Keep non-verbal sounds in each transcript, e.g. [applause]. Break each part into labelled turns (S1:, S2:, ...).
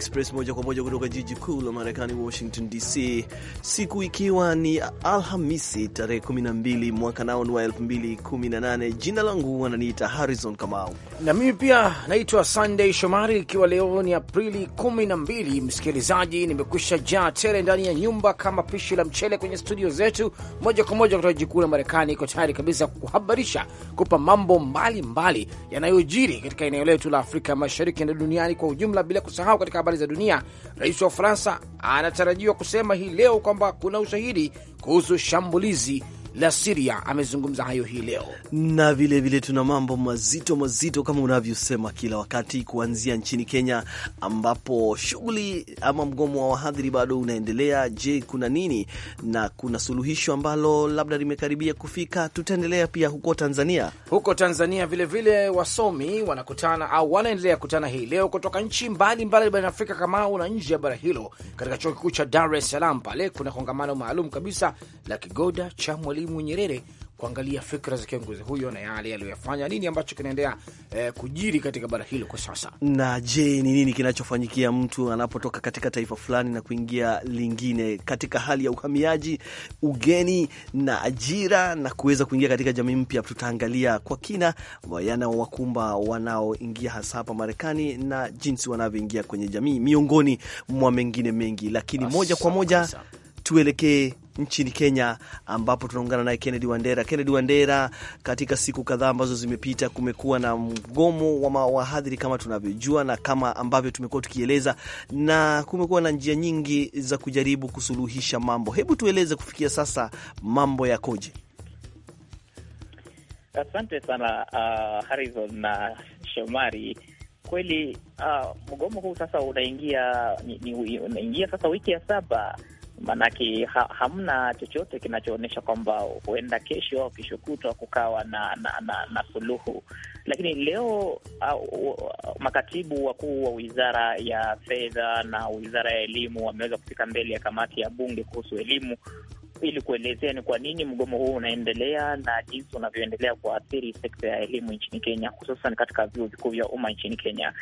S1: Express moja kwa moja kutoka jiji kuu la Marekani, Washington DC, siku ikiwa ni Alhamisi tarehe 12 mwaka nao ni wa 2018. Jina langu wananiita Harrison Kamau na mimi pia naitwa
S2: Sunday Shomari, ikiwa leo ni Aprili 12. Msikilizaji, nimekwisha jaa tele ndani ya nyumba kama pishi la mchele kwenye studio zetu moja kwa moja kutoka jiji kuu la Marekani. Iko tayari kabisa kuhabarisha, kupa mambo mbalimbali yanayojiri katika eneo letu la Afrika Mashariki na duniani kwa ujumla, bila kusahau katika habari za dunia, rais wa Ufaransa anatarajiwa kusema hii leo kwamba kuna ushahidi kuhusu shambulizi la Siria amezungumza
S1: hayo hii leo, na vilevile tuna mambo mazito mazito kama unavyosema kila wakati, kuanzia nchini Kenya ambapo shughuli ama mgomo wa wahadhiri bado unaendelea. Je, kuna nini na kuna suluhisho ambalo labda limekaribia kufika? Tutaendelea pia huko Tanzania. Huko Tanzania vilevile vile wasomi wanakutana au wanaendelea
S2: kutana hii leo kutoka nchi mbalimbali barani Afrika au na nje ya bara hilo katika chuo kikuu cha Dar es Salaam. Pale kuna kongamano maalum kabisa la Kigoda cha mwali Mwalimu Nyerere kuangalia fikra za kiongozi huyo na yale aliyoyafanya, nini ambacho kinaendelea eh, kujiri katika bara hilo kwa
S1: sasa. Na je, ni nini kinachofanyikia mtu anapotoka katika taifa fulani na kuingia lingine, katika hali ya uhamiaji, ugeni na ajira, na kuweza kuingia katika jamii mpya? Tutaangalia kwa kina yanayowakumba wanaoingia hasa hapa Marekani na jinsi wanavyoingia kwenye jamii, miongoni mwa mengine mengi, lakini Asa, moja kwa moja kasa tuelekee nchini Kenya ambapo tunaungana naye Kennedy Wandera. Kennedy Wandera, katika siku kadhaa ambazo zimepita, kumekuwa na mgomo wa wahadhiri kama tunavyojua na kama ambavyo tumekuwa tukieleza, na kumekuwa na njia nyingi za kujaribu kusuluhisha mambo. Hebu tueleze kufikia sasa mambo yakoje?
S3: Asante sana uh, Harrison na Shomari. Kweli uh, mgomo huu sasa unaingia ni, ni, unaingia sasa wiki ya saba maanake ha, hamna chochote kinachoonyesha kwamba huenda kesho au kesho kutwa kukawa na, na, na, na suluhu. Lakini leo uh, makatibu wakuu wa wizara ya fedha na wizara ya elimu wameweza kufika mbele ya kamati ya bunge kuhusu elimu ili kuelezea ni kwa nini mgomo huu unaendelea na jinsi unavyoendelea kuathiri sekta ya elimu nchini Kenya, hususan katika vyuo vikuu vya umma nchini Kenya.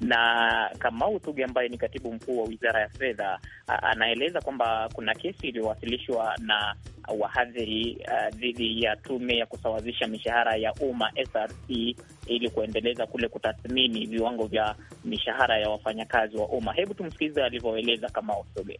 S3: Na Kamau Tuge ambaye ni katibu mkuu wa wizara ya fedha anaeleza kwamba kuna kesi iliyowasilishwa na wahadhiri uh, dhidi ya tume ya kusawazisha mishahara ya umma SRC ili kuendeleza kule kutathmini viwango vya mishahara ya wafanyakazi wa umma. Hebu tumsikilize alivyoeleza Kamau Tuge.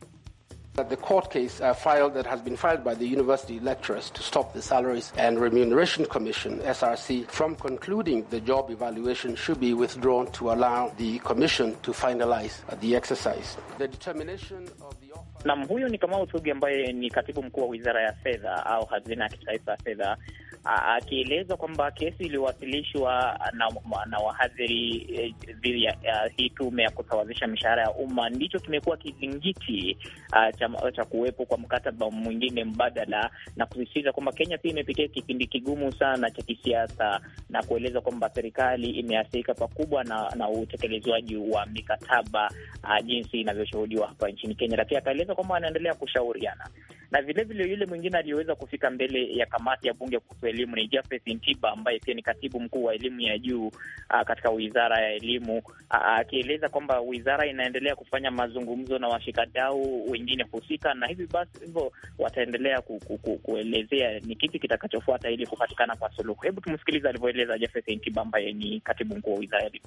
S2: That the court case uh, filed that has been filed by the university lecturers to stop the Salaries and Remuneration Commission (SRC) from concluding the job evaluation should be withdrawn to allow the commission to finalize the exercise.
S3: The determination of the offer... Nam, huyo ni Kamau Thuge ambaye ni katibu mkuu wa Wizara ya Fedha au Hazina ya Kitaifa ya Fedha akieleza kwamba kesi iliyowasilishwa na, na wahadhiri eh, dhidi ya uh, hii tume ya kusawazisha mishahara ya umma ndicho kimekuwa kizingiti uh, cha, cha kuwepo kwa mkataba mwingine mbadala, na kusisitiza kwamba Kenya pia imepitia kipindi kigumu sana cha kisiasa, na kueleza kwamba serikali imeathirika pakubwa na, na utekelezwaji wa mikataba uh, jinsi inavyoshuhudiwa hapa nchini Kenya, lakini akaeleza kwamba wanaendelea kushauriana na vilevile vile yule mwingine aliyeweza kufika mbele ya kamati ya bunge kuhusu elimu ni Jafeth Ntiba ambaye pia ni katibu mkuu wa elimu ya juu aa, ah, katika wizara ya elimu ah, akieleza kwamba wizara inaendelea kufanya mazungumzo na washikadau wengine husika, na hivi basi hivyo wataendelea ku, ku, ku, kuelezea ni kipi kitakachofuata ili kupatikana kwa suluhu. Hebu tumsikilize alivyoeleza Jafeth Ntiba ambaye ni katibu mkuu wa wizara ya elimu.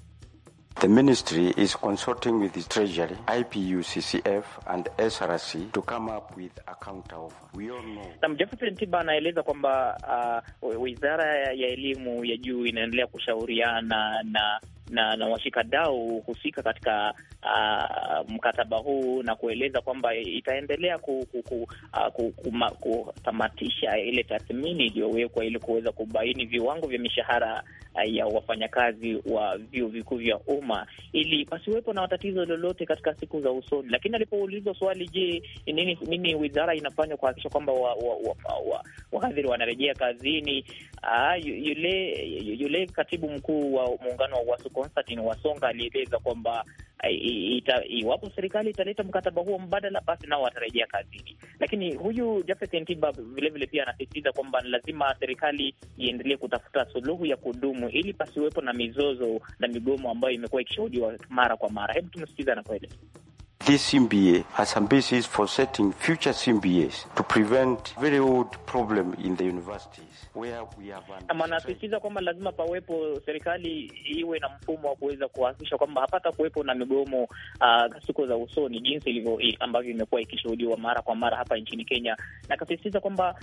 S4: The ministry is consulting with the Treasury, IPUCCF and SRC to come up with a counter offer. We all know.
S3: Na Jefferson Mtiba anaeleza kwamba uh, wizara ya elimu ya juu inaendelea kushauriana na na, na washikadau husika katika uh, mkataba huu na kueleza kwamba itaendelea ku, ku, ku, uh, ku, kuma, kutamatisha ile tathmini iliyowekwa ili kuweza kubaini viwango vya mishahara uh, ya wafanyakazi wa vyuo vikuu vya umma ili pasiwepo na tatizo lolote katika siku za usoni. Lakini alipoulizwa swali, je, nini, nini wizara inafanywa kuhakikisha kwamba wahadhiri wanarejea kazini, uh, yule, yule katibu mkuu wa muungano wa wasu Konstantin Wasonga alieleza kwamba eh, iwapo serikali italeta mkataba huo mbadala, basi nao watarejea kazini. Lakini huyu Japhet Ntiba vilevile pia anasisitiza kwamba lazima serikali iendelee kutafuta suluhu ya kudumu ili pasiwepo na mizozo na migomo ambayo imekuwa ikishuhudiwa mara kwa mara. Hebu tumsikilize anapoeleza.
S4: This CBA has ambitions for setting future CBAs to prevent very old problem in the universities.
S3: Anasisitiza kwamba lazima pawepo, serikali iwe na mfumo wa kuweza kuhakikisha kwamba hapata kuwepo na migomo uh, ah, siku za usoni, jinsi ilivyo ambavyo imekuwa ikishuhudiwa mara kwa mara hapa nchini Kenya, na kasisitiza kwamba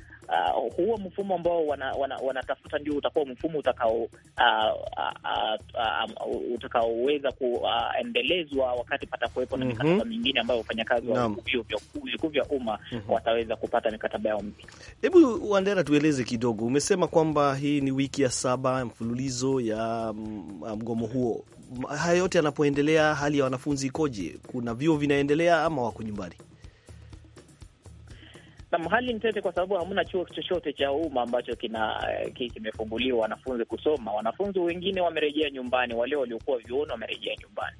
S3: uh, huo mfumo ambao wanatafuta wana, wana ndio utakuwa mfumo utakao uh, uh, uh, uh, utakaoweza kuendelezwa ah, uh, wakati pata kuwepo na mikataba mm -hmm. mingine ambayo wafanyakazi wa vikuu vya umma mm -hmm. wataweza kupata mikataba yao mpya.
S1: Hebu Wandera, tueleze kidogo Ume umesema kwamba hii ni wiki ya saba mfululizo ya mm, ah, mgomo huo. Haya yote yanapoendelea, hali ya wanafunzi ikoje? Kuna vyuo vinaendelea ama wako nyumbani?
S3: Nam, hali ni tete kwa sababu hamna chuo chochote cha umma ambacho kina eh, kimefunguliwa wanafunzi kusoma. Wanafunzi wengine wamerejea nyumbani, wale waliokuwa vyuoni wamerejea nyumbani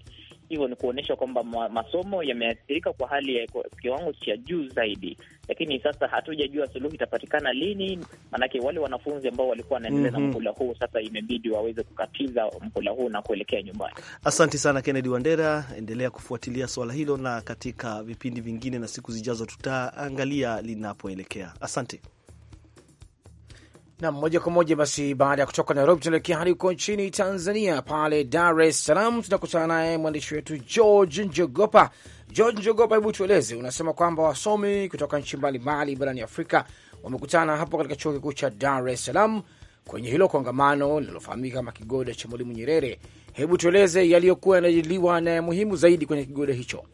S3: hivyo ni kuonyesha kwamba masomo yameathirika kwa hali ya kiwango cha juu zaidi, lakini sasa hatujajua suluhu itapatikana lini, maanake wale wanafunzi ambao walikuwa wanaendelea mm -hmm. na mhm. mhula huu sasa imebidi waweze kukatiza mhula huu na kuelekea nyumbani.
S1: Asante sana Kennedy Wandera, endelea kufuatilia swala hilo, na katika vipindi vingine na siku zijazo tutaangalia linapoelekea. Asante.
S2: Nam moja kwa moja basi, baada ya kutoka Nairobi tunaelekea hadi huko nchini Tanzania, pale Dar es Salaam tunakutana naye mwandishi wetu George Njogopa. George Njogopa, hebu tueleze, unasema kwamba wasomi kutoka nchi mbalimbali barani Afrika wamekutana hapo katika chuo kikuu cha Dar es Salaam kwenye hilo kongamano linalofahamika kama kigoda cha Mwalimu Nyerere. Hebu tueleze yaliyokuwa yanajadiliwa na ya muhimu zaidi kwenye kigoda hicho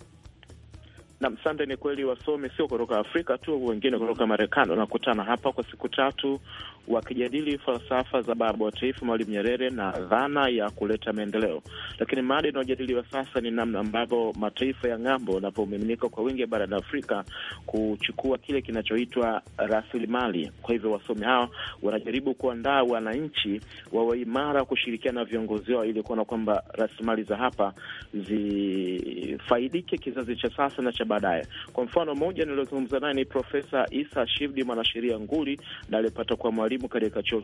S5: na msande ni kweli, wasomi sio kutoka Afrika tu, wengine kutoka Marekani wanakutana hapa kwa siku tatu wakijadili falsafa za baba wa taifa Mwalimu Nyerere na dhana ya kuleta maendeleo. Lakini mada inayojadiliwa sasa ni namna ambavyo mataifa ya ng'ambo yanavyomiminika kwa wingi barani Afrika kuchukua kile kinachoitwa rasilimali. Kwa hivyo wasomi hawa wanajaribu kuandaa wananchi wawe imara kushirikiana na viongozi wao ili kuona kwamba rasilimali za hapa zifaidike kizazi cha sasa na cha baadaye. Kwa mfano mmoja niliozungumza naye ni Profesa Isa Shivdi, mwanasheria nguli na alipata kwa mwalimu katika chuo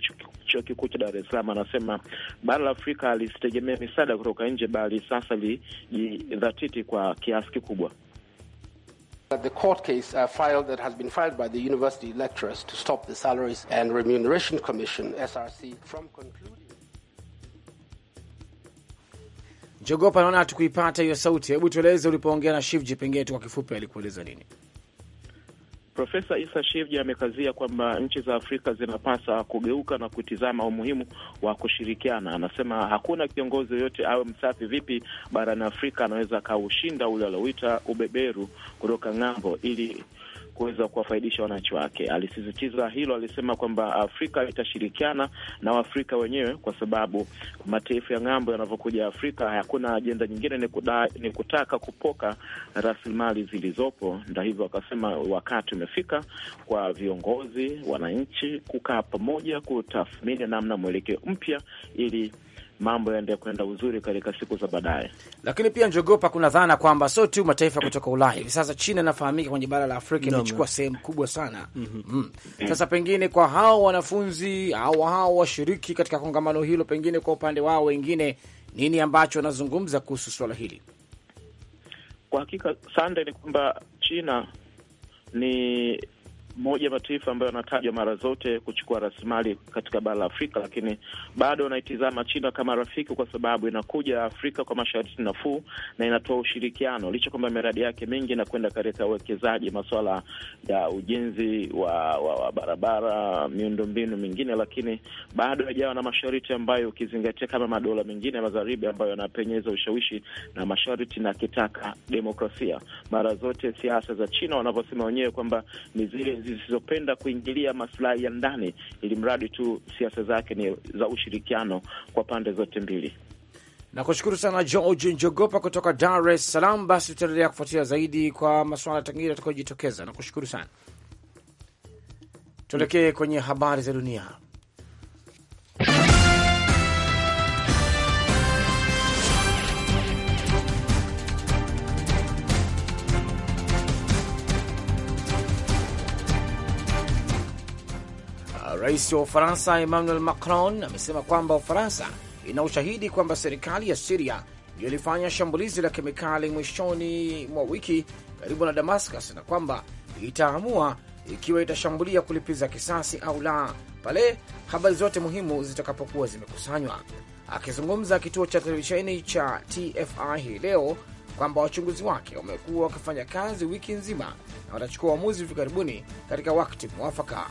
S5: kikuu cha Dar es Salaam. Anasema bara la Afrika lisitegemea misaada kutoka nje, bali sasa lijidhatiti kwa kiasi kikubwa.
S2: The court case uh, filed that has been filed by the university lecturers to stop the Salaries and Remuneration Commission SRC from concluding Jogopa, naona hatukuipata hiyo sauti. Hebu tueleze ulipoongea na Shivji, pengine tu kwa kifupi alikueleza nini?
S5: Profesa Isa Shivji amekazia kwamba nchi za Afrika zinapasa kugeuka na kutizama umuhimu wa kushirikiana. Anasema hakuna kiongozi yoyote awe msafi vipi barani Afrika anaweza akaushinda ule alowita ubeberu kutoka ng'ambo, ili kuweza kuwafaidisha wananchi wake. Alisisitiza hilo, alisema kwamba Afrika itashirikiana na Waafrika wenyewe, kwa sababu mataifa ya ng'ambo yanavyokuja Afrika hakuna ajenda nyingine, ni, kuda, ni kutaka kupoka rasilimali zilizopo. Ndio hivyo akasema wakati umefika kwa viongozi, wananchi kukaa pamoja, kutathmini namna mwelekeo mpya ili mambo yaende kwenda uzuri katika siku za baadaye.
S2: Lakini pia njogopa, kuna dhana kwamba sio tu mataifa kutoka Ulaya hivi sasa. China inafahamika kwenye bara la Afrika imechukua sehemu kubwa sana mhm. mm -hmm. Mm -hmm. Sasa pengine kwa hao wanafunzi au hao washiriki katika kongamano hilo, pengine kwa upande wao wengine, nini ambacho wanazungumza kuhusu swala hili?
S5: Kwa hakika, Sande, ni kwamba China ni moja mataifa ambayo anatajwa mara zote kuchukua rasilimali katika bara la Afrika, lakini bado anaitizama China kama rafiki, kwa sababu inakuja Afrika kwa masharti nafuu na inatoa ushirikiano, licha kwamba miradi yake mingi inakwenda katika uwekezaji, masuala ya ujenzi wa, wa, wa barabara, miundombinu mingine, lakini bado haijawa na masharti ambayo ukizingatia kama madola mengine ya magharibi ambayo yanapenyeza ushawishi na masharti na kitaka demokrasia. Mara zote siasa za China wanavyosema wenyewe kwamba ni zile zisizopenda kuingilia masilahi ya ndani, ili mradi tu siasa zake ni za ushirikiano kwa pande zote mbili.
S2: Nakushukuru sana George Njogopa kutoka Dar es Salaam. Basi tutaendelea kufuatilia zaidi kwa masuala tengine yatakayojitokeza. Nakushukuru sana. Tuelekee kwenye habari za dunia. Rais wa Ufaransa Emmanuel Macron amesema kwamba Ufaransa ina ushahidi kwamba serikali ya Siria ndiyo ilifanya shambulizi la kemikali mwishoni mwa wiki karibu na Damascus na kwamba itaamua ikiwa itashambulia kulipiza kisasi au la pale habari zote muhimu zitakapokuwa zimekusanywa. Akizungumza kituo cha televisheni cha TFI hii leo kwamba wachunguzi wake wamekuwa wakifanya kazi wiki nzima na watachukua uamuzi hivi karibuni katika wakati mwafaka.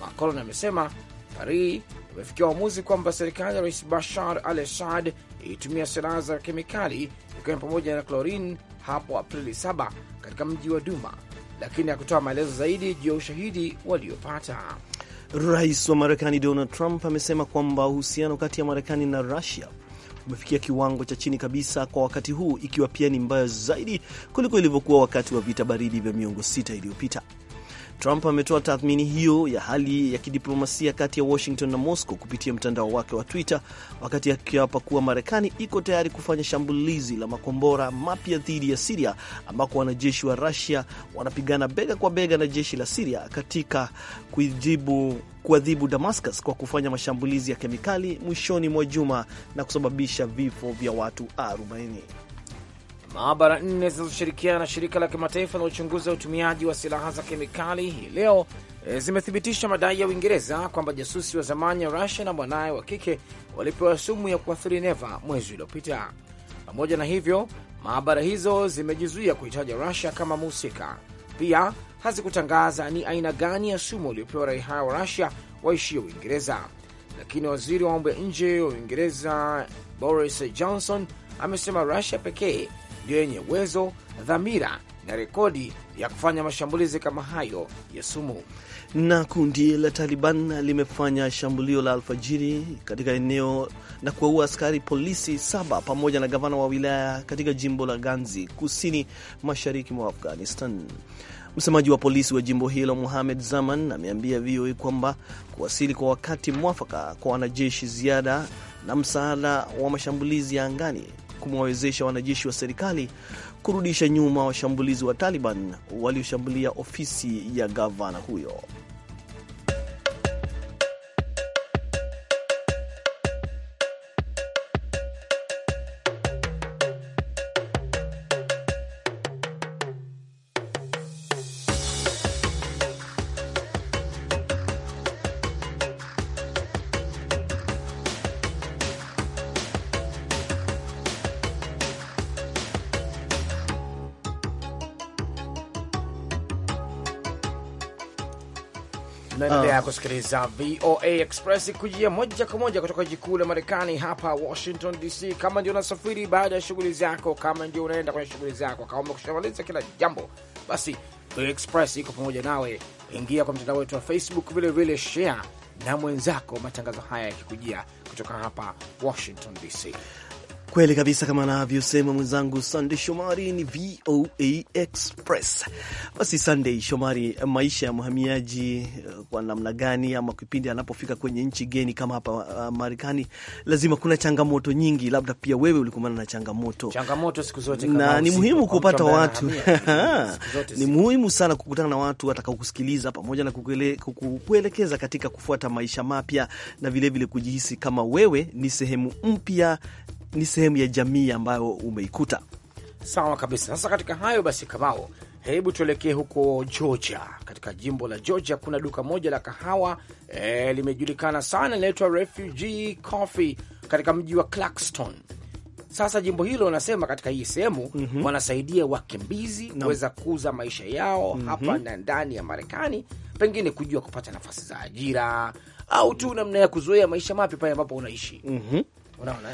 S2: Macron amesema Paris imefikia uamuzi kwamba serikali ya Rais Bashar al Assad ilitumia silaha za kemikali ikiwa ni pamoja na klorin hapo Aprili 7 katika mji wa Duma, lakini hakutoa
S1: maelezo zaidi juu ya ushahidi waliopata. Rais wa Marekani Donald Trump amesema kwamba uhusiano kati ya Marekani na Rusia umefikia kiwango cha chini kabisa kwa wakati huu, ikiwa pia ni mbaya zaidi kuliko ilivyokuwa wakati wa vita baridi vya miongo sita iliyopita. Trump ametoa tathmini hiyo ya hali ya kidiplomasia kati ya Washington na Moscow kupitia mtandao wake wa Twitter, wakati akiapa kuwa Marekani iko tayari kufanya shambulizi la makombora mapya dhidi ya Siria, ambako wanajeshi wa Rusia wanapigana bega kwa bega na jeshi la Siria katika kuijibu kuadhibu Damascus kwa kufanya mashambulizi ya kemikali mwishoni mwa juma na kusababisha vifo vya watu 40.
S2: Maabara nne zinazoshirikiana na shirika la kimataifa la uchunguzi wa utumiaji wa silaha za kemikali hii leo e, zimethibitisha madai ya Uingereza kwamba jasusi wa zamani ya Rusia na mwanaye wa kike walipewa sumu ya kuathiri neva mwezi uliopita. Pamoja na hivyo, maabara hizo zimejizuia kuhitaja Rusia kama mhusika. Pia hazikutangaza ni aina gani ya sumu waliopewa raia hao wa Rusia waishio Uingereza, lakini waziri wa mambo ya nje wa Uingereza Boris Johnson amesema Rusia pekee ndiyo yenye uwezo, dhamira na rekodi ya kufanya mashambulizi kama
S1: hayo ya sumu. Na kundi la Taliban limefanya shambulio la alfajiri katika eneo na kuwaua askari polisi saba pamoja na gavana wa wilaya katika jimbo la Ganzi kusini mashariki mwa Afghanistan. Msemaji wa polisi wa jimbo hilo Muhamed Zaman ameambia VOA kwamba kuwasili kwa wakati mwafaka kwa wanajeshi ziada na msaada wa mashambulizi ya angani kumwawezesha wanajeshi wa serikali kurudisha nyuma washambulizi wa Taliban walioshambulia ofisi ya gavana huyo.
S2: ya kusikiliza VOA Express kujia moja kwa moja kutoka jiji kuu la Marekani hapa Washington DC. Kama ndio unasafiri baada ya shughuli zako, kama ndio unaenda kwenye shughuli zako, kama umekushamaliza kila jambo, basi VOA Express iko pamoja nawe. Ingia kwa mtandao wetu wa Facebook, vile vile share na mwenzako matangazo haya yakikujia kutoka hapa Washington DC.
S1: Kweli kabisa, kama anavyosema mwenzangu Sandey Shomari, ni VOA Express. Basi Sandey Shomari, maisha ya mhamiaji eh, kwa namna gani, ama kipindi anapofika kwenye nchi geni kama hapa eh, Marekani, lazima kuna changamoto nyingi. Labda pia wewe ulikumbana na changamoto. Changamoto siku zote, na ni muhimu kupata watu [laughs] ni muhimu sana kukutana na watu watakaokusikiliza pamoja na kukuelekeza katika kufuata maisha mapya na vilevile vile kujihisi kama wewe ni sehemu mpya ni sehemu ya jamii ambayo umeikuta.
S2: Sawa kabisa. Sasa katika hayo basi, Kamao, hebu tuelekee huko Georgia. Katika jimbo la Georgia kuna duka moja la kahawa e, limejulikana sana, linaitwa Refugee Coffee katika mji wa Clarkston. Sasa jimbo hilo wanasema katika hii sehemu mm -hmm. wanasaidia wakimbizi kuweza no. kuuza maisha yao mm -hmm. hapa na ndani ya Marekani, pengine kujua kupata nafasi za ajira au tu namna ya kuzoea maisha mapya pale ambapo unaishi mm -hmm. Unaona,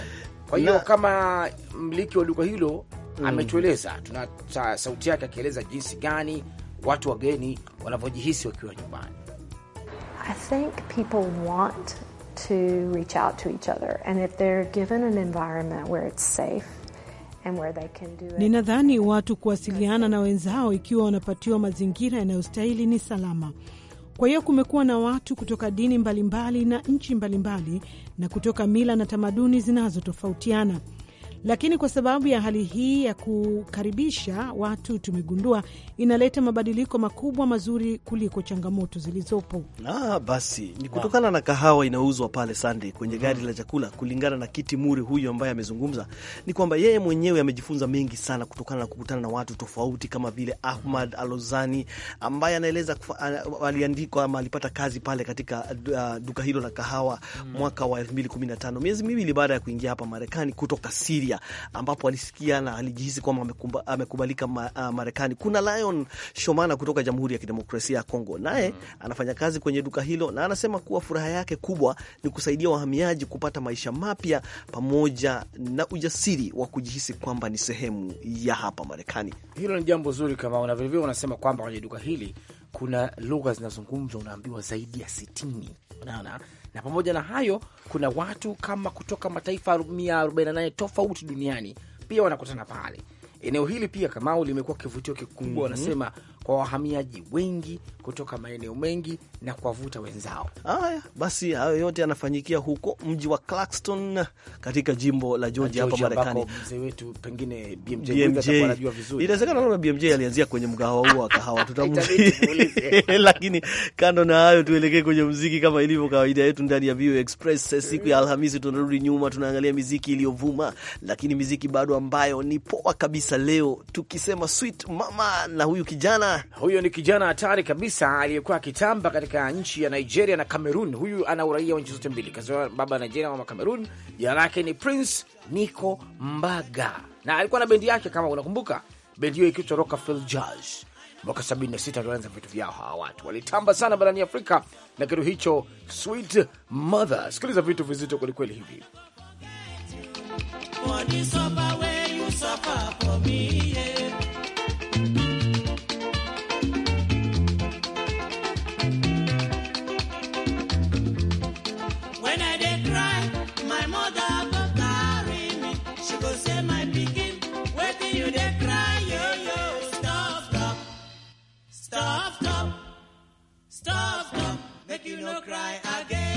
S2: kwa hiyo kama mmiliki wa duka hilo mm, ametueleza, tuna sauti yake akieleza jinsi gani watu wageni wanavyojihisi wakiwa nyumbani.
S5: I think people want to reach out to each other and if they're given an environment where it's safe
S6: Ninadhani watu kuwasiliana na wenzao ikiwa wanapatiwa mazingira yanayostahili ni salama. Kwa hiyo kumekuwa na watu kutoka dini mbalimbali na nchi mbalimbali na kutoka mila na tamaduni zinazotofautiana lakini kwa sababu ya hali hii ya kukaribisha watu, tumegundua inaleta mabadiliko makubwa mazuri kuliko changamoto zilizopo.
S1: Ah, basi ni kutokana na kahawa inauzwa pale Sunday kwenye mm-hmm. gari mm -hmm, la chakula. Kulingana na Kiti Muri huyu ambaye amezungumza, ni kwamba yeye mwenyewe amejifunza mengi sana kutokana na kukutana na watu tofauti kama vile Ahmad Alozani ambaye anaeleza aliandikwa ama alipata kazi pale katika uh, duka hilo la kahawa mm -hmm, mwaka wa 2015 miezi miwili baada ya kuingia hapa Marekani kutoka Siria Libya ambapo alisikia na alijihisi kwamba amekubalika ma, ah, Marekani. Kuna Lion Shomana kutoka Jamhuri ya Kidemokrasia ya Kongo, naye mm -hmm. anafanya kazi kwenye duka hilo na anasema kuwa furaha yake kubwa ni kusaidia wahamiaji kupata maisha mapya pamoja na ujasiri wa kujihisi kwamba ni sehemu ya hapa Marekani. Hilo ni jambo zuri kama na vilevile unasema kwamba kwenye duka hili
S2: kuna lugha zinazungumzwa unaambiwa zaidi ya sitini. Unaona, na pamoja na hayo, kuna watu kama kutoka mataifa 148 tofauti duniani pia wanakutana pale. Eneo hili pia Kamau limekuwa kivutio kikubwa, mhm. wanasema mm -hmm kwa wahamiaji wengi kutoka maeneo mengi na kuwavuta wenzao.
S1: Haya basi, hayo yote yanafanyikia huko mji wa Clarkston katika jimbo la Georgia hapa Marekani.
S2: Mzee wetu pengine
S1: BMJ anajua vizuri, inawezekana BMJ alianzia kwenye mgahawa huo wa kahawa, tutamuulize [laughs] lakini kando na hayo, tuelekee kwenye mziki kama ilivyo kawaida yetu ndani ya VOA Express. Siku ya Alhamisi tunarudi nyuma, tunaangalia miziki iliyovuma, lakini miziki bado ambayo ni poa kabisa. Leo tukisema Sweet Mama na huyu kijana huyo ni kijana hatari
S2: kabisa aliyekuwa akitamba katika nchi ya Nigeria na Cameroon. Huyu ana uraia wa nchi zote mbili, kazaliwa baba Nigeria, mama Cameroon. Jina lake ni Prince Nico Mbaga na alikuwa na bendi yake, kama unakumbuka bendi hiyo ikiitwa Rockefeller Jazz. Mwaka 76 walianza vitu vyao. Hawa watu walitamba sana barani Afrika na kitu hicho Sweet Mother. Sikiliza vitu vizito kwelikweli hivi
S6: me, yeah. cry again.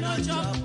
S6: noche.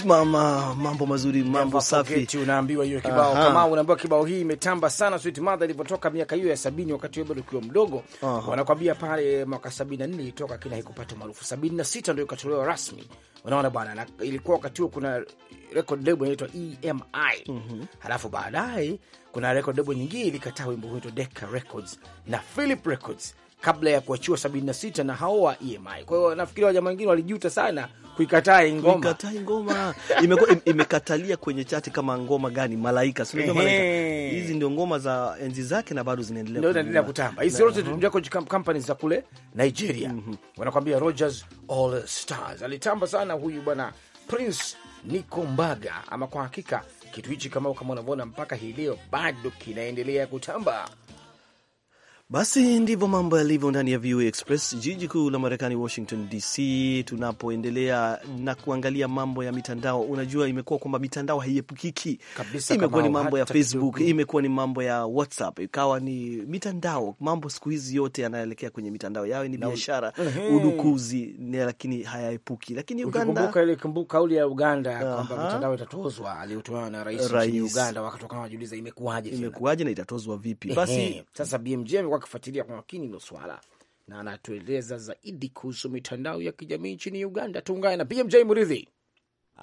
S1: Get Mama, mambo mazuri, mambo safi. Unaambiwa hiyo kibao kama
S2: unaambiwa kibao hii imetamba sana. Sweet Mother ilipotoka miaka hiyo ya sabini, wakati wewe bado ukiwa mdogo, wanakwambia pale mwaka 74 ilitoka, kina haikupata maarufu. 76 ndio ikatolewa rasmi, unaona bwana, na ilikuwa wakati huo kuna record label inaitwa EMI. mm -hmm. Halafu baadaye kuna record label nyingine ilikataa wimbo huo inaitwa Decca Records na Philip Records kabla ya kuachiwa 76 na hao wa EMI. Kwa hiyo nafikiri wajama wengine walijuta sana kuikataa
S1: ngoma, kuikataa ngoma imekuwa imekatalia kwenye chati kama ngoma gani, malaika sio Malaika Hizi ndio ngoma za enzi zake na bado zinaendelea, ndio zinaendelea kutamba hizi zote. Tunajua mhm. kwa
S2: companies za kule Nigeria mm -hmm. wanakuambia Rogers All Stars alitamba sana huyu bwana Prince Niko Mbaga, ama kwa hakika kitu hichi kama kama unavyoona mpaka hii leo bado kinaendelea kutamba.
S1: Basi ndivyo mambo yalivyo ndani ya VOA Express, jiji kuu la Marekani, Washington DC, tunapoendelea na kuangalia mambo ya mitandao. Unajua, imekuwa kwamba mitandao haiepukiki, imekuwa ni mambo ya Facebook imekuwa ni mambo ya WhatsApp, ikawa ni mitandao. Mambo siku hizi yote yanaelekea kwenye mitandao, yawe ni biashara, udukuzi, lakini hayaepuki. Lakini Uganda, kauli ya Uganda kwamba mitandao itatozwa, aliyotolewa na rais nchini Uganda, wakati wakawa wanajiuliza imekuwaje, imekuwaje na itatozwa vipi? Basi
S2: sasa BMJ wakifuatilia kwa makini hilo swala,
S4: na anatueleza zaidi kuhusu mitandao ya kijamii nchini Uganda. Tuungane na BMJ Muridhi.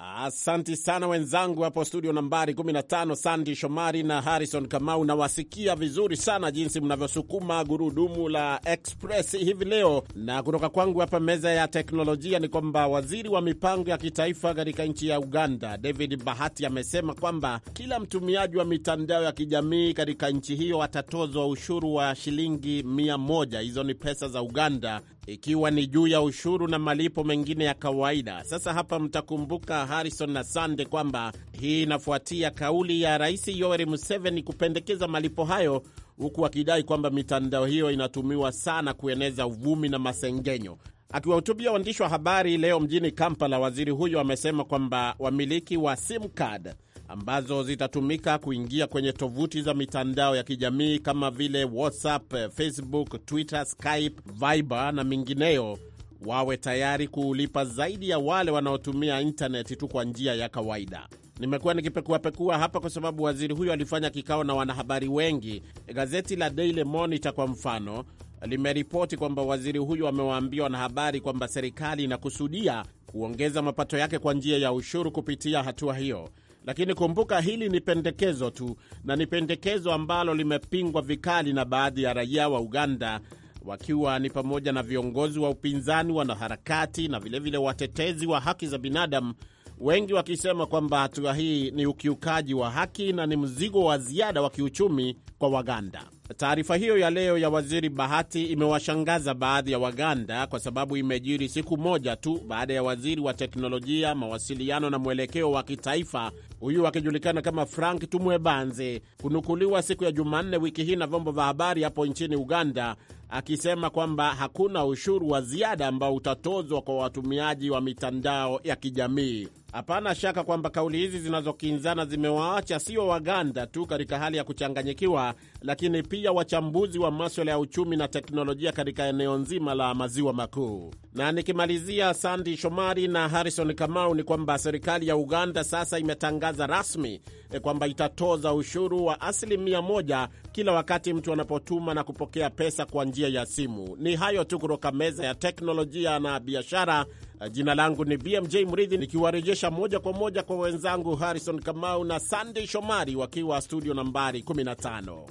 S4: Asanti sana wenzangu hapo studio nambari 15, Sandi Shomari na Harrison Kamau. Nawasikia vizuri sana jinsi mnavyosukuma gurudumu la Express hivi leo. Na kutoka kwangu hapa meza ya teknolojia ni kwamba waziri wa mipango ya kitaifa katika nchi ya Uganda, David Bahati, amesema kwamba kila mtumiaji wa mitandao ya kijamii katika nchi hiyo atatozwa ushuru wa shilingi 100. Hizo ni pesa za Uganda, ikiwa ni juu ya ushuru na malipo mengine ya kawaida. Sasa hapa mtakumbuka Harrison na Sande kwamba hii inafuatia kauli ya Rais Yoweri Museveni kupendekeza malipo hayo, huku akidai kwamba mitandao hiyo inatumiwa sana kueneza uvumi na masengenyo. Akiwahutubia waandishi wa habari leo mjini Kampala, waziri huyo amesema kwamba wamiliki wa sim card ambazo zitatumika kuingia kwenye tovuti za mitandao ya kijamii kama vile WhatsApp, Facebook, Twitter, Skype, Viber na mingineyo wawe tayari kuulipa zaidi ya wale wanaotumia intaneti tu kwa njia ya kawaida. Nimekuwa nikipekuapekua hapa kwa sababu waziri huyo alifanya kikao na wanahabari wengi. Gazeti la Daily Monitor kwa mfano limeripoti kwamba waziri huyo amewaambia wanahabari kwamba serikali inakusudia kuongeza mapato yake kwa njia ya ushuru kupitia hatua hiyo. Lakini kumbuka, hili ni pendekezo tu, na ni pendekezo ambalo limepingwa vikali na baadhi ya raia wa Uganda wakiwa ni pamoja na viongozi wa upinzani, wanaharakati na vilevile vile watetezi wa haki za binadamu, wengi wakisema kwamba hatua hii ni ukiukaji wa haki na ni mzigo wa ziada wa kiuchumi kwa Waganda. Taarifa hiyo ya leo ya waziri Bahati imewashangaza baadhi ya Waganda kwa sababu imejiri siku moja tu baada ya waziri wa teknolojia, mawasiliano na mwelekeo wa kitaifa, huyu akijulikana kama Frank Tumwebanze, kunukuliwa siku ya Jumanne wiki hii na vyombo vya habari hapo nchini Uganda akisema kwamba hakuna ushuru wa ziada ambao utatozwa kwa watumiaji wa mitandao ya kijamii. Hapana shaka kwamba kauli hizi zinazokinzana zimewaacha sio Waganda tu katika hali ya kuchanganyikiwa, lakini pia wachambuzi wa maswala ya uchumi na teknolojia katika eneo nzima la maziwa makuu. Na nikimalizia, Sandi Shomari na Harrison Kamau, ni kwamba serikali ya Uganda sasa imetangaza rasmi eh, kwamba itatoza ushuru wa asilimia moja kila wakati mtu anapotuma na kupokea pesa kwa njia ya simu. Ni hayo tu kutoka meza ya teknolojia na biashara. Eh, jina langu ni BMJ Mridhi, nikiwarejesha moja kwa moja kwa wenzangu Harrison Kamau na Sandi Shomari wakiwa studio nambari 15.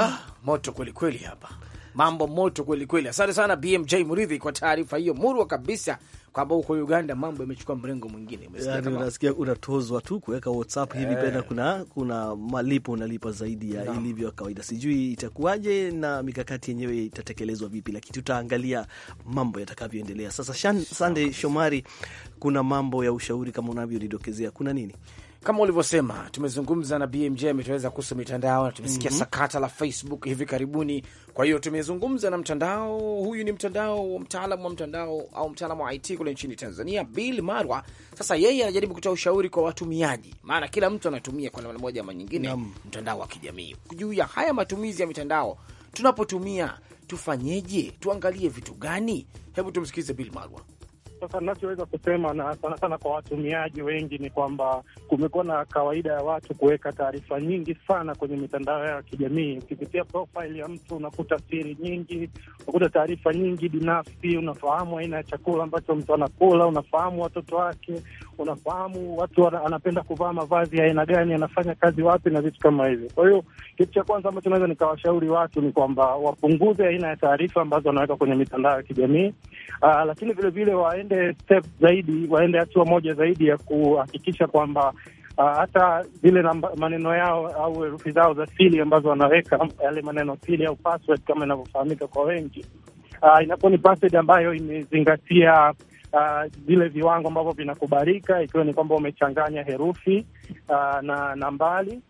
S4: Ah, moto kwelikweli hapa Mambo moto
S2: kweli kweli. Asante sana BMJ Muridhi kwa taarifa hiyo murwa kabisa, kwamba huko Uganda mambo yamechukua
S1: mrengo mwingine. Yaani unasikia unatozwa tu kuweka WhatsApp hivi eh. pena, kuna kuna malipo unalipa zaidi ya no. ilivyo kawaida. Sijui itakuwaje na mikakati yenyewe itatekelezwa vipi, lakini tutaangalia mambo yatakavyoendelea. Sasa Sande Shomari, kuna mambo ya ushauri kama unavyolidokezea, kuna nini? kama ulivyosema, tumezungumza na BMJ
S2: ametueleza kuhusu mitandao na tumesikia mm -hmm. sakata la Facebook hivi karibuni. Kwa hiyo tumezungumza na mtandao huyu, ni mtandao wa mtaalamu wa mtandao au mtaalamu wa IT kule nchini Tanzania, Bill Marwa. Sasa yeye anajaribu kutoa ushauri kwa watumiaji, maana kila mtu anatumia kwa namna moja ama nyingine mm -hmm. mtandao wa kijamii. Juu ya haya matumizi ya mitandao, tunapotumia tufanyeje? Tuangalie vitu gani? Hebu tumsikilize Bill Marwa.
S7: Sasa nachoweza kusema na sana sana kwa watumiaji wengi ni kwamba kumekuwa na kawaida ya watu kuweka taarifa nyingi sana kwenye mitandao yao ya kijamii. Ukipitia profile ya mtu unakuta siri nyingi, unakuta taarifa nyingi binafsi, unafahamu aina ya chakula ambacho mtu anakula, unafahamu watoto wake, unafahamu watu anapenda kuvaa mavazi ya aina gani, anafanya kazi wapi na vitu kama hivyo. Kwa hiyo kitu cha kwanza ambacho naweza nikawashauri watu ni kwamba wapunguze aina ya taarifa ambazo wanaweka kwenye mitandao ya kijamii, ah, lakini vilevile waende step zaidi, waende hatua moja zaidi ya kuhakikisha kwamba Uh, hata zile maneno yao au herufi zao za siri ambazo wanaweka yale maneno siri au password kama inavyofahamika kwa wengi, uh, inakuwa ni password ambayo imezingatia uh, vile viwango ambavyo vinakubalika, ikiwa ni kwamba umechanganya herufi uh, na nambari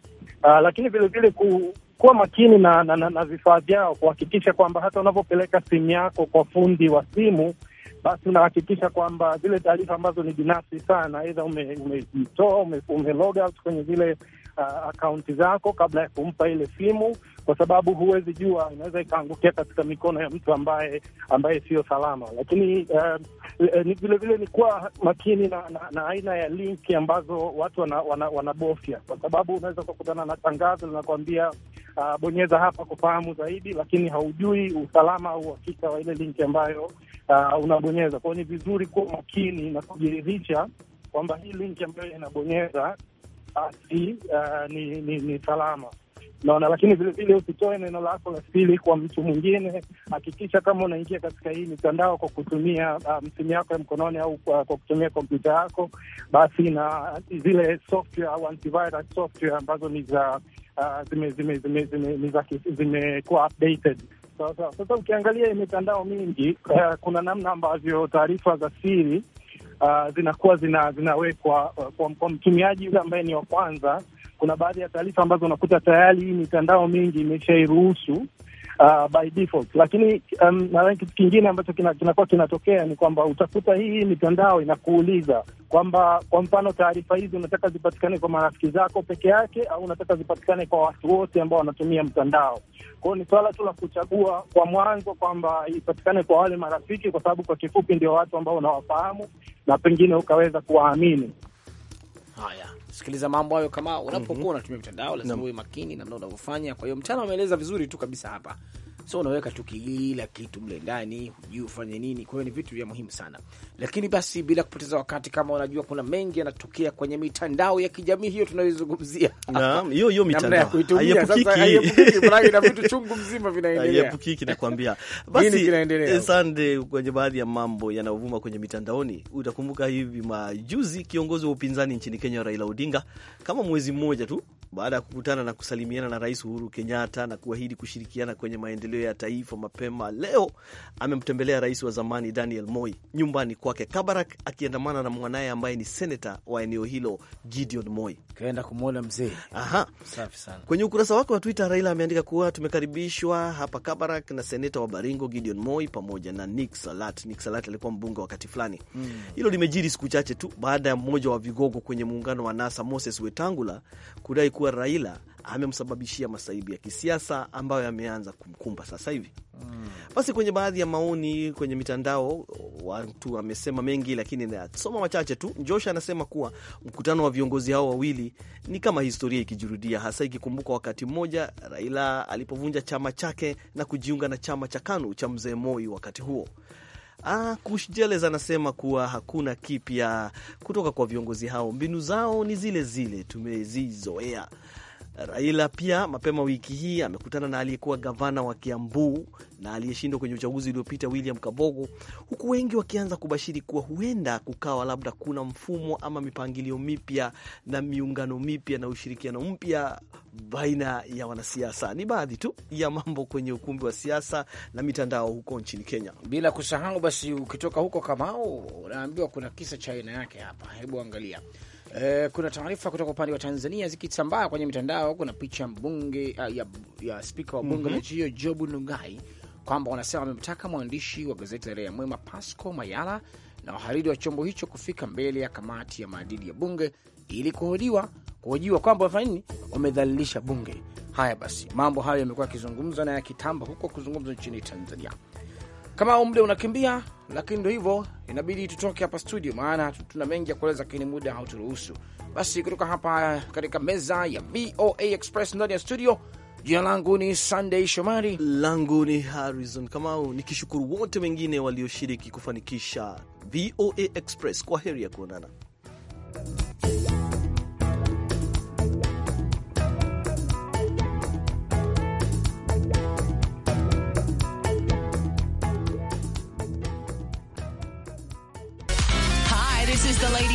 S7: uh, lakini vilevile ku, kuwa makini na, na, na, na vifaa vyao, kuhakikisha kwamba hata unavyopeleka simu yako kwa fundi wa simu, basi unahakikisha kwamba zile taarifa ambazo ni binafsi sana, aidha umejitoa ume, ume, ume log out kwenye zile uh, ah, akaunti zako kabla ya kumpa ile simu kwa sababu huwezi jua, inaweza ikaangukia katika mikono ya mtu ambaye ambaye siyo salama. Lakini uh, ni vilevile ni kuwa makini na, na, na aina ya linki ambazo watu wanabofya wana, wana, kwa sababu unaweza kukutana na tangazo linakuambia uh, ah, bonyeza hapa kufahamu zaidi, lakini haujui usalama au uhakika wa ile linki ambayo uh, unabonyeza kwao. Ni vizuri kuwa makini na kujiridhisha kwamba hii linki ambayo inabonyeza basi ah, uh, ni, ni, ni salama naona. Lakini vilevile usitoe neno lako la siri kwa mtu mwingine. Hakikisha kama unaingia katika hii mitandao kwa kutumia um, simu yako ya mkononi au kwa, kwa kutumia kompyuta yako, basi na zile software au antivirus software ambazo ni za uh, zime zime zime zimekuwa updated Sasa ukiangalia mitandao mingi uh, kuna namna ambavyo taarifa za siri Uh, zinakuwa zina- zinawekwa uh, kwa, kwa mtumiaji yule ambaye ni wa kwanza kuna baadhi ya taarifa ambazo unakuta tayari hii mitandao mingi imeshairuhusu uh, by default. Lakini um, nadhani kitu kingine ambacho kinakuwa kinatokea ni kwamba utakuta hii mitandao inakuuliza kwamba kwa mfano taarifa hizi unataka zipatikane kwa marafiki zako peke yake au unataka zipatikane kwa watu wote ambao wanatumia mtandao. Kwa hiyo ni swala tu la kuchagua kwa mwanzo kwamba ipatikane kwa wale marafiki, kwa sababu kwa kifupi ndio watu ambao unawafahamu na pengine ukaweza kuwaamini. Haya, kusikiliza mambo hayo. Kama unapokuwa mhm. unatumia
S2: mitandao lazima uwe makini namna unavyofanya. Kwa hiyo mchana ameeleza vizuri tu kabisa hapa so unaweka tu kila kitu mle ndani, hujui ufanye nini. Kwa hiyo ni vitu vya muhimu sana, lakini basi bila kupoteza wakati, kama unajua kuna mengi yanatokea kwenye mitandao ya kijamii hiyo tunayoizungumzia, naam, hiyo hiyo [laughs] mitandao haiyepukiki, na vitu [laughs] chungu mzima vinaendelea, haiyepukiki nakwambia. [laughs] Basi
S1: asante eh, kwenye baadhi ya mambo yanayovuma kwenye mitandaoni. Utakumbuka hivi majuzi kiongozi wa upinzani nchini Kenya Raila Odinga kama mwezi mmoja tu baada ya kukutana na kusalimiana na Rais Uhuru Kenyatta na kuahidi kushirikiana kwenye maendeleo ya taifa, mapema leo amemtembelea rais wa zamani Daniel Moi nyumbani kwake Kabarak, akiandamana na mwanaye ambaye ni seneta wa eneo hilo Gideon Moi. Kaenda kumwona mzee. Aha, safi sana. Kwenye ukurasa wake wa Twitter, Raila ameandika kuwa tumekaribishwa hapa Kabarak na seneta wa Baringo Gideon Moi pamoja na Nick Salat. Nick Salat alikuwa mbunge wakati fulani. Hmm. Hilo hmm, limejiri siku chache tu baada ya mmoja wa vigogo kwenye muungano wa NASA Moses Wetangula kudai kuwa Raila amemsababishia masaibu ya kisiasa ambayo yameanza kumkumba sasa hivi. Mm. Basi kwenye baadhi ya maoni kwenye mitandao watu wamesema mengi, lakini nasoma machache tu. Josh anasema kuwa mkutano wa viongozi hao wawili ni kama historia ikijirudia, hasa ikikumbuka wakati mmoja Raila alipovunja chama chake na kujiunga na chama cha KANU cha mzee Moi wakati huo Ah, Kushjeles anasema kuwa hakuna kipya kutoka kwa viongozi hao, mbinu zao ni zile zile tumezizoea. Raila pia mapema wiki hii amekutana na aliyekuwa gavana wa Kiambu na aliyeshindwa kwenye uchaguzi uliopita William Kabogo, huku wengi wakianza kubashiri kuwa huenda kukawa labda kuna mfumo ama mipangilio mipya na miungano mipya na ushirikiano mpya baina ya wanasiasa. Ni baadhi tu ya mambo kwenye ukumbi wa siasa na mitandao huko nchini Kenya, bila kusahau basi, ukitoka huko Kamau unaambiwa kuna kisa cha aina yake hapa.
S2: Hebu angalia E, kuna taarifa kutoka upande wa Tanzania zikisambaa kwenye mitandao. Kuna picha mbunge ah, ya, ya spika wa bunge mm -hmm. la nchi hiyo Jobu nugai kwamba wanasema wamemtaka mwandishi wa gazeti la Raia Mwema Pasco Mayala na wahariri wa chombo hicho kufika mbele ya kamati ya maadili ya bunge ili kuhojiwa kuhojiwa kwamba wafanya nini, wamedhalilisha bunge. Haya basi, mambo hayo yamekuwa yakizungumzwa na yakitamba huko kuzungumzwa nchini Tanzania kama muda unakimbia, lakini ndo hivyo, inabidi tutoke hapa studio, maana tuna mengi ya kueleza, lakini muda hauturuhusu. Basi kutoka hapa katika meza ya VOA Express ndani ya studio
S1: Jina langu ni Sunday Shomari, langu ni Harrison Kamau, nikishukuru wote wengine walioshiriki kufanikisha VOA Express. Kwa heri ya kuonana.